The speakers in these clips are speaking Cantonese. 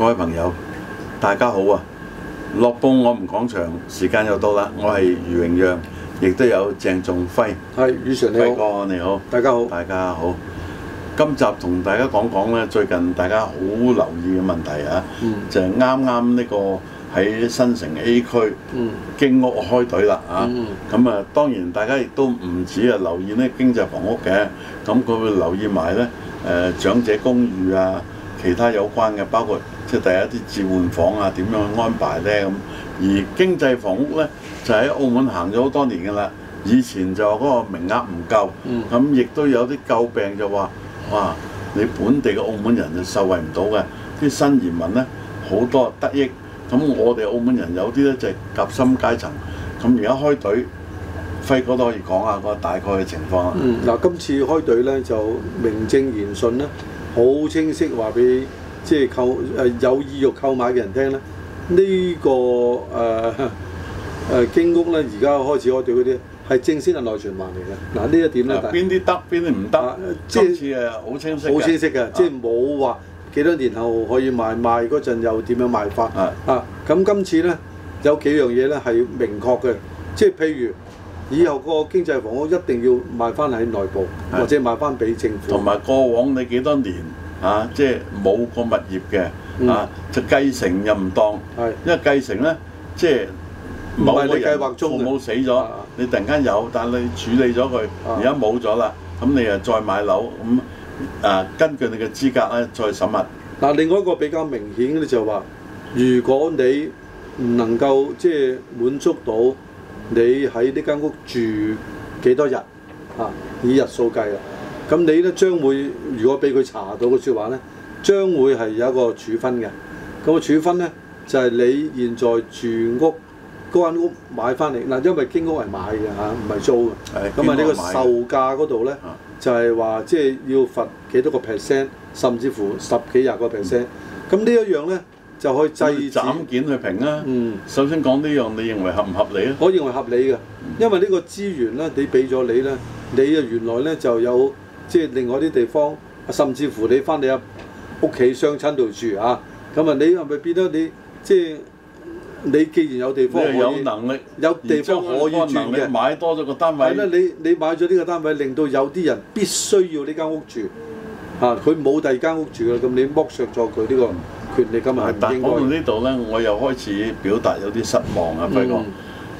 各位朋友，大家好啊！樂報我哋講場，時間又到啦。我係余榮陽，亦都有鄭仲輝。係，余 Sir 你好，輝哥你好，大家好，大家好。今集同大家講講咧，最近大家好留意嘅問題啊，嗯、就係啱啱呢個喺新城 A 區經屋開隊啦啊。咁啊、嗯，嗯、當然大家亦都唔止啊留意呢經濟房屋嘅，咁佢會留意埋咧誒長者公寓啊，其他有關嘅包括。即係第一啲置換房啊，點樣安排咧咁，而經濟房屋咧，就喺澳門行咗好多年㗎啦。以前就嗰個名額唔夠，咁亦都有啲詬病，就話：哇，你本地嘅澳門人就受惠唔到嘅。啲新移民咧好多得益。咁我哋澳門人有啲咧就係夾心階層。咁而家開隊，輝哥都可以講下個大概嘅情況。嗱，今次開隊咧就名正言順啦，好清晰話俾。即係購誒有意欲購買嘅人聽咧，這個呃呃、京呢個誒誒經屋咧，而家開始開對嗰啲係正先係內循環嚟嘅。嗱、啊、呢一點咧，邊啲得邊啲唔得？啊、今次係好清晰，好清晰嘅，啊、即係冇話幾多年後可以賣賣嗰陣又點樣賣法啊？咁、啊、今次咧有幾樣嘢咧係明確嘅，即係譬如以後個經濟房屋一定要賣翻喺內部，或者賣翻俾政府，同埋過往你幾多年？啊，即係冇個物業嘅，嗯、啊就繼承又唔當，是因為繼承咧，即係唔係你計劃中冇死咗，啊、你突然間有，但你處理咗佢，而家冇咗啦，咁你又再買樓，咁啊根據你嘅資格咧再審核。嗱，另外一個比較明顯咧就話、是，如果你唔能夠即係滿足到你喺呢間屋住幾多日啊，以日數計啦。咁你咧將會，如果俾佢查到嘅説話咧，將會係有一個處分嘅。咁、嗰個處分咧就係、係、你現在住屋嗰間屋買翻嚟，嗱，因為經屋係買嘅嚇，唔係、嗯、租嘅。係、嗯，咁啊呢個售價嗰度咧就係話即係要罰幾多個 percent，甚至乎十幾廿個 percent。咁呢、嗯、一樣咧就可以製斬件去評啊。嗯，首先講呢樣，你認為合唔合理啊？我認為合理嘅，因為呢個資源咧，你俾咗你咧，你啊原來咧就有。即係另外啲地方，甚至乎你翻你阿屋企雙親度住啊，咁啊，你係咪變咗你？即係你既然有地方有能力，有地方可以住嘅，買多咗個單位。係啦，你你買咗呢個單位，令到有啲人必須要呢間屋住，嚇佢冇第二間屋住㗎，咁你剝削咗佢呢個權利。今日但係我哋呢度咧，我又開始表達有啲失望啊，輝哥、嗯。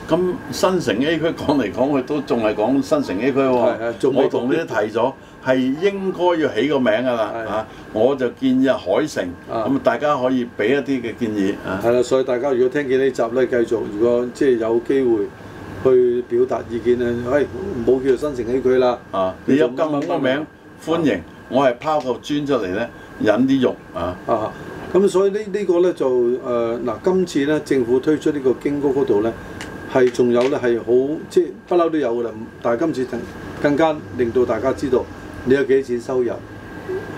咁新城 A 區講嚟講去，都仲係講新城 A 區喎，我同你都提咗。係應該要起個名㗎啦嚇，我就建議海城咁，大家可以俾一啲嘅建議。係啦，所以大家如果聽見呢集呢，繼續如果即係有機會去表達意見咧，唔好叫新城區啦。啊，你有咁日個名歡迎，我係拋個磚出嚟呢，引啲肉啊。咁所以呢呢個呢，就誒嗱，今次咧政府推出呢個京沽嗰度呢，係仲有呢，係好即係不嬲都有㗎啦，但係今次更更加令到大家知道。你有幾多錢收入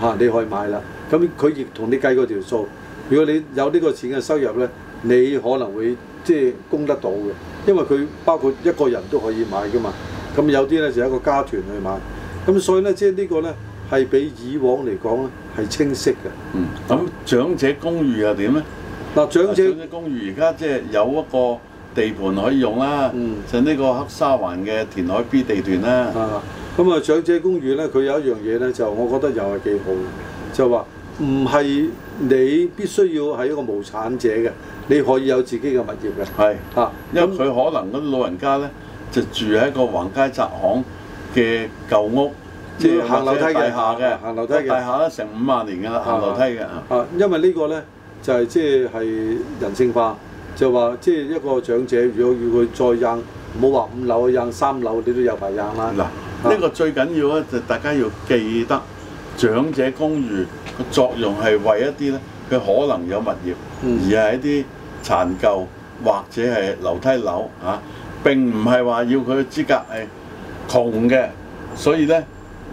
嚇、啊？你可以買啦。咁佢亦同你計過條數。如果你有呢個錢嘅收入呢，你可能會即係供得到嘅，因為佢包括一個人都可以買㗎嘛。咁有啲呢就一個家團去買。咁所以呢，即係呢個呢係比以往嚟講呢係清晰嘅。嗯。咁長者公寓又點呢？嗱長者，長者公寓而家即係有一個地盤可以用啦、啊。嗯、就呢個黑沙環嘅填海 B 地段啦、啊。嗯嗯嗯嗯嗯咁啊，長者公寓咧，佢有一樣嘢咧，就我覺得又係幾好，就話唔係你必須要係一個無產者嘅，你可以有自己嘅物業嘅。係嚇，因為佢可能嗰啲老人家咧，就住喺一個橫街窄巷嘅舊屋，即係行樓梯嘅。大廈嘅，行樓梯嘅。大廈啦，成五萬年㗎喇，行樓梯嘅。啊，因為呢個咧就係即係人性化，就話即係一個長者，如果要佢再捱，唔好話五樓，捱三樓你都有排捱啦。嗱。呢個最緊要咧，就大家要記得長者公寓作用係為一啲咧，佢可能有物業，而係一啲殘舊或者係樓梯樓嚇、啊。並唔係話要佢資格係窮嘅，所以咧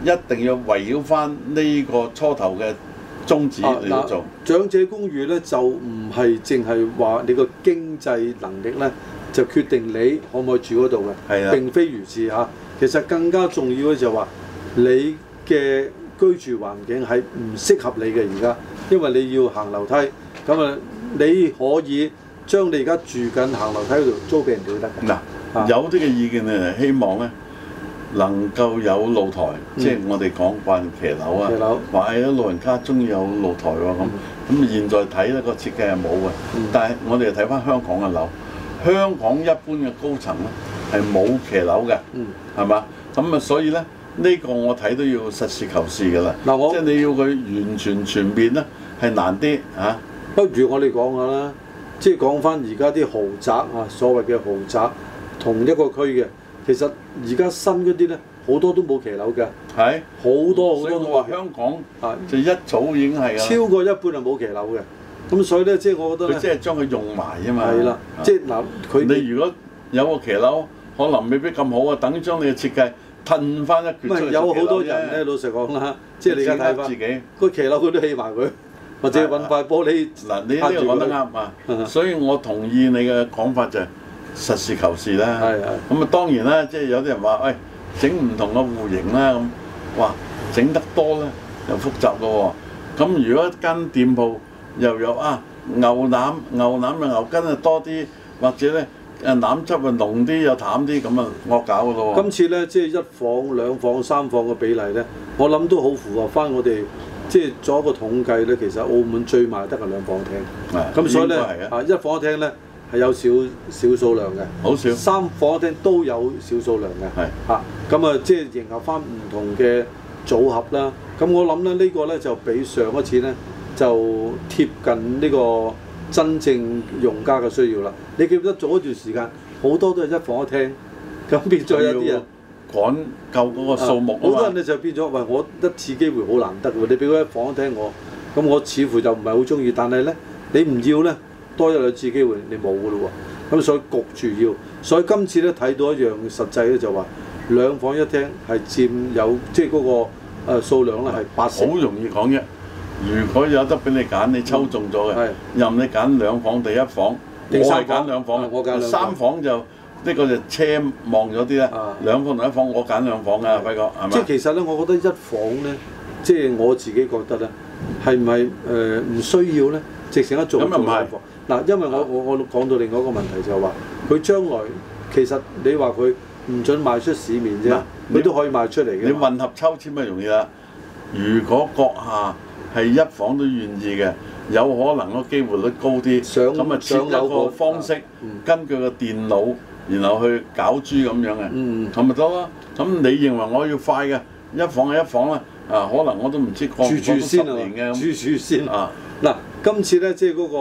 一定要圍繞翻呢個初頭嘅宗旨嚟做、啊。長者公寓咧就唔係淨係話你個經濟能力咧就決定你可唔可以住嗰度嘅，係啊，並非如此嚇。啊其實更加重要嘅就係話，你嘅居住環境係唔適合你嘅而家，因為你要行樓梯，咁啊你可以將你而家住緊行樓梯嗰度租俾人哋都得。嗱喏，啊、有啲嘅意見咧，係希望咧能夠有露台，嗯、即係我哋講慣，慣騎樓啊，話誒樓，老人家中意有露台喎，咁咁啊，現在睇咧個設計係冇嘅，嗯、但係我哋睇返香港嘅樓，香港一般嘅高層咧係冇騎樓嘅。嗯係嘛？咁啊、嗯，所以咧，呢、這個我睇都要實事求是㗎啦。我即係你要佢完全全面咧，係難啲嚇。啊、不如我哋講下啦，即係講翻而家啲豪宅啊，所謂嘅豪宅，同一個區嘅，其實而家新嗰啲咧，好多都冇騎樓嘅。係好多好多。所以我話香港啊，就一早已經係超過一半係冇騎樓嘅。咁所以咧，即係我覺得即係將佢用埋啊嘛。係啦，即係嗱，佢、啊、你如果有個騎樓。可能未必咁好啊！等將你嘅設計褪翻一橛出嚟，有好多人咧。老實講啦，即係你而自己，佢己騎樓佢都起埋佢，的或者揾塊玻璃嗱，你呢度講得啱啊！的所以我同意你嘅講法就係實事求是啦的。咁啊，當然啦，即係有啲人話：，喂、哎，整唔同嘅戶型啦，咁哇，整得多咧又複雜嘅喎、哦。咁如果間店鋪又有啊牛腩、牛腩嘅牛筋啊多啲，或者咧。誒腩汁嘅濃啲又淡啲咁啊惡搞嘅咯喎！今次呢，即係一房兩房三房嘅比例呢，我諗都好符合翻我哋即係做一個統計呢，其實澳門最賣得係兩房一廳，咁的所以呢，啊一房一廳呢係有少少數量嘅，好 三房一廳都有少數量嘅，嚇咁的啊即係迎合翻唔同嘅組合啦。咁我諗咧呢、這個呢，就比上一次呢，就貼近呢、這個。真正用家嘅需要啦，你記唔記得早一段時間，好多都係一房一廳，咁變咗有啲人講夠嗰個數目。好多人都就變咗，喂，我一次機會好難得喎，你俾我一房一廳我，咁我似乎就唔係好中意，但係咧你唔要咧，多一兩次機會你冇噶咯喎，咁所以焗住要，所以今次咧睇到一樣實際咧就話兩房一廳係佔有即係嗰個誒數量咧係八成，好容易講嘅。如果有得俾你揀，你抽中咗嘅，任你揀兩房定一房。我係揀兩房，我三房就呢個就奢望咗啲啦。兩房定一房，我揀兩房嘅，輝哥，係嘛？即係其實咧，我覺得一房咧，即係我自己覺得咧，係唔係誒唔需要咧？直情一做咁又唔係嗱，因為我我我講到另外一個問題就係話，佢將來其實你話佢唔准賣出市面啫，你都可以賣出嚟嘅。你混合抽籤咪容易啦。如果閣下係一房都願意嘅，有可能咯，機會率高啲。咁啊想，想有個方式，嗯、根據個電腦，然後去攪珠咁樣嘅，咁咪得咯。咁你認為我要快嘅一房係一房啦，啊，可能我都唔知住住先，住住先啊。嗱，今、啊啊、次呢，即係嗰個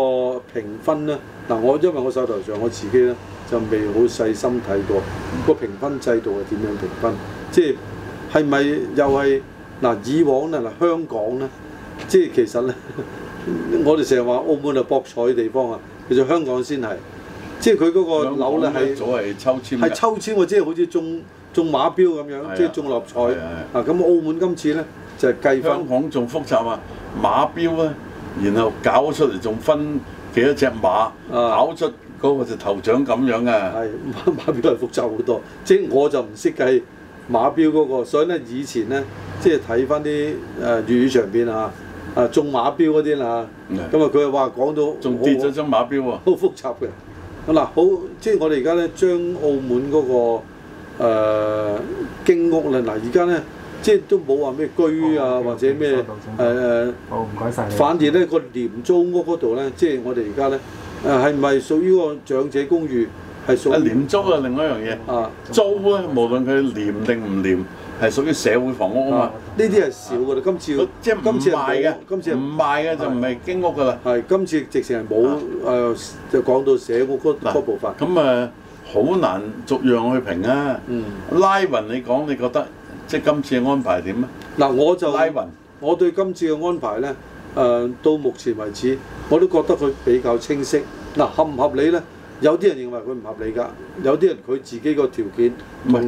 評分呢，嗱，我因為我手頭上我自己呢，就未好細心睇過個評分制度係點樣評分，即係係咪又係嗱以往嗱香港呢？即係其實咧，我哋成日話澳門係博彩地方啊，其實香港先係。即係佢嗰個樓咧係，係抽籤，係抽籤，即係好似中中馬標咁樣，即係中六合彩。啊，咁、啊啊啊、澳門今次咧就係、是、計分，香港仲複雜啊，馬標咧，然後搞出嚟仲分幾多隻馬，搞出嗰個就頭獎咁樣啊。係、啊啊、馬馬標都係複雜好多，即係我就唔識計馬標嗰、那個，所以咧以前咧，即係睇翻啲誒粵語長片啊。啊啊啊啊，中馬標嗰啲啦，咁啊，佢話講到仲跌咗張馬標喎，啊，好複雜嘅。嗱好，即係我哋而家咧將澳門嗰、嗰個誒經、呃、屋啦，嗱而家咧即係都冇話咩居啊、哦、或者咩誒好唔該晒。反而咧個廉租屋嗰度咧，即係我哋而家咧誒係唔係屬於個長者公寓？係屬於、啊、廉租啊，另外一樣嘢啊，租咧無論佢廉定唔廉，係屬於社會房屋啊嘛。啊呢啲係少噶啦，今次即係今次係冇，今次係唔賣嘅，就唔係經屋噶啦。係今次直情係冇誒，就講到社屋嗰部分。咁誒好難逐樣去評啊。嗯、拉文，你講你覺得即係今次嘅安排點啊？嗱，我就拉文雲，我對今次嘅安排咧誒、呃，到目前為止我都覺得佢比較清晰。嗱、啊，合唔合理咧？有啲人認為佢唔合理㗎，有啲人佢自己個條件。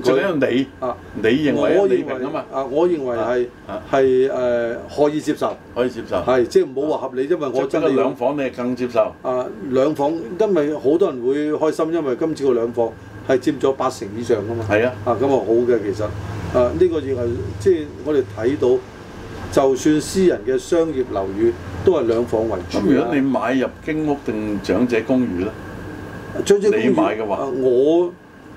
最緊要你啊，你認為？我認為啊，我認為係係誒可以接受，可以接受係即唔好話合理，啊、因為我真係兩房你係更接受啊，兩房，因為好多人會開心，因為今次個兩房係佔咗八成以上㗎嘛。係啊，啊咁啊好嘅，其實啊呢個亦係即係我哋睇到，就算私人嘅商業樓宇都係兩房為主。如果你買入經屋定長者公寓咧？長者公寓，你買嘅話我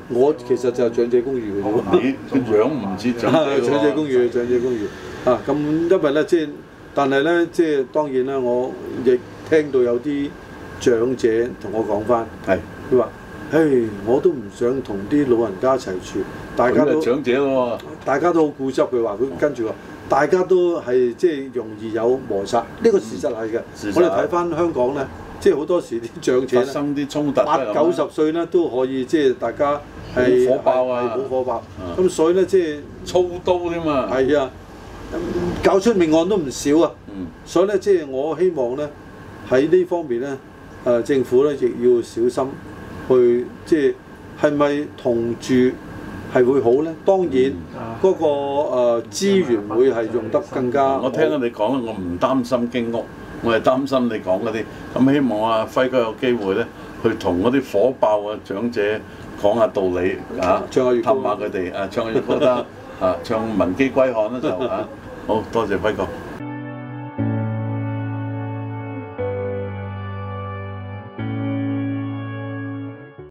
我其實就長者公寓嘅。你個樣唔似長者。公寓說，長者公寓。公寓 啊，咁因為咧，即係，但係咧，即係當然啦，我亦聽到有啲長者同我講翻，係佢話，嘿，我都唔想同啲老人家一齊住，大家都、嗯、長者喎，大家都好固執，佢話，佢跟住話，大家都係即係容易有摩擦，呢、這個事實係嘅。嗯、我哋睇翻香港咧。即係好多時啲長者發生啲衝突，八九十歲咧都可以，即係大家係火爆啊，好火爆。咁所以咧，即係粗刀添嘛，係啊，搞出命案都唔少啊。嗯。所以咧，即係我希望咧喺呢方面咧，誒政府咧亦要小心去，即係係咪同住係會好咧？當然，嗰個誒資源會係用得更加。我聽到你講，我唔擔心經屋。我係擔心你講嗰啲，咁希望阿、啊、輝哥有機會咧，去同嗰啲火爆嘅長者講下道理嚇，氹下佢哋啊，唱粵歌啦嚇、 啊，唱《文姬歸漢》咧就嚇，好多謝輝哥。